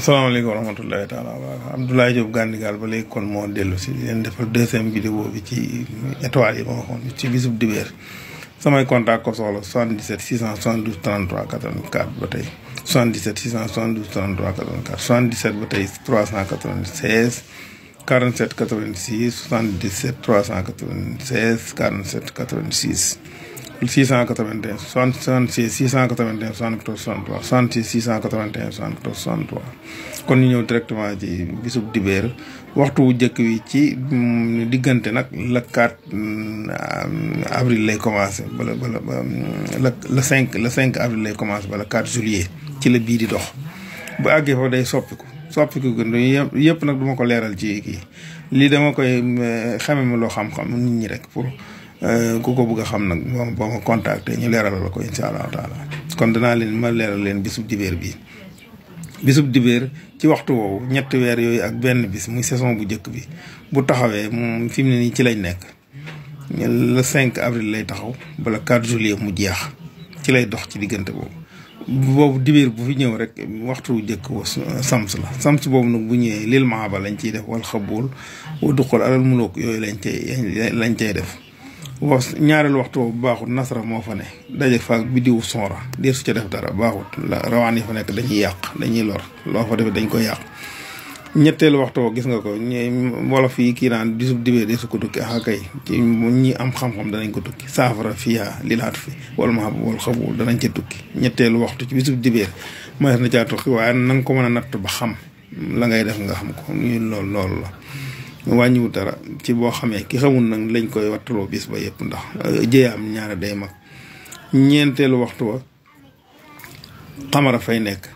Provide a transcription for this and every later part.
asalaamaaleykum wa rahmatullahi taala wa Abdoulaye Diop Gandigal ba léegi kon moo dellu si leen defal deuxième vidéo bi ci étoiles yi ma waxoon ci bisub dibéer samay contact ko soxla 77 672 33 84 ba tey 77 672 33 84 77 ba tey 396 47 86 77 396 47 86 681 76 681 74 63 76 681 74 63 kon ñu ñëw directement ci bisub dibeer waxtu wu njëkk wi ci mm, diggante nag la 4 mm, avril lay commencé bala bala la le 5 le 5 mm, avril lay commencé bala 4 juillet ci la bii di dox bu àggee foofu day soppiku soppiku gën yëpp yëpp nag duma ko leeral ci kii lii dama koy xame ma loo xam-xam nit ñi rek pour Euh, ku ko bëgg a xam nag boo ma boo ma ñu leeral la ko incha allahu taala kon danaa leen ma leeral leen bisu dibéer bi bisub dibéer ci waxtu woowu ñetti weer yooyu ak benn bis muy saison bu njëkk bi bu taxawee moom fi mu ne nii ci lañ nekk le cinq avril lay taxaw bala 4 juillet mu jeex ci lay dox ci diggante boobu. boobu dibéer bu fi ñëw rek waxtu wu njëkk wa sams la sams boobu nag bu ñëwee lil maaba lañ ciy def wal xabuul du duqul alal muluk yooyu lañ cay lañ def. was ñaareelu waxtu boobu baaxut nasara moo fa ne daje faak biddiwu sonra diir su ca def dara baaxut la rawaan yi fa nekk dañuy yàq dañuy lor loo fa defee dañ ko yàq ñetteelu waxtu gis nga ko ñ wolof kii naan bisub dibee de su ko tukki ah kay ci ñi am xam danañ ko tukki saafara fiyaa lilaat fi wala ma wal danañ ca tukki ñetteelu waxtu ci bisub dibee ma na caa tukki waaye na nga ko mën a natt ba xam la ngay def nga xam ko lool loolu la wàññiwul dara ci boo xamee ki xamul nag lañ koy wattaloo bis ba yëpp ndax euh, jéeyaam ñaara day mag ñeenteelu waxtu wa xamara fay nekk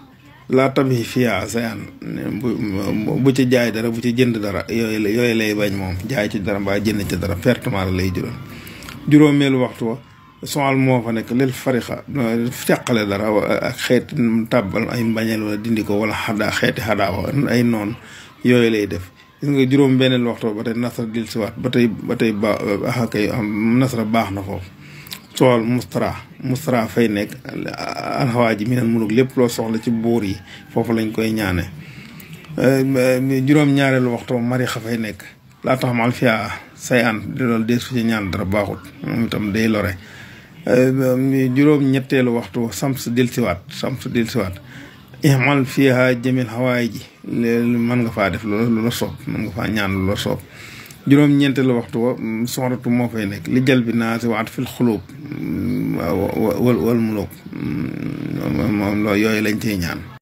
laa tabi fiyaa sayaan bu ci jaay dara bu ci jënd dara yooyu yooyu lay bañ moom jaay ci dara mbaa jënd ci dara pertement lay jural juróomeelu waxtu wa soxal moo fa nekk lel farixa càqale dara ak xeeti tàbbal ay mbañeel wala dindi ko wala xada xeeti xadaawa ay noon yooyu lay def gis nga juróom beneen waxtu ba tey nasra dil siwaat ba tey ba tey ba axakay ah, ah, nasra baax na foofu sool mustra mustra fay nekk alxawaa ji mi neen lépp loo soxla ci buur yi foofu lañ koy ñaane eh, juróom ñaareelu waxtu mari xa fay nekk laa tax ma alfiya say an di loolu dee su ci ñaan dara baaxut moom itam day lore eh, juróom ñetteelu waxtu sams dil siwaat sams dil siwaat اعمل فيها جميع الحوايج من غفا ديف لو صوب من غفا نيان لو صوب جوروم نينت لو وقتو سورتو مو فاي نيك لي جلب ناس وات في القلوب والملوك لا يوي لا نتي نيان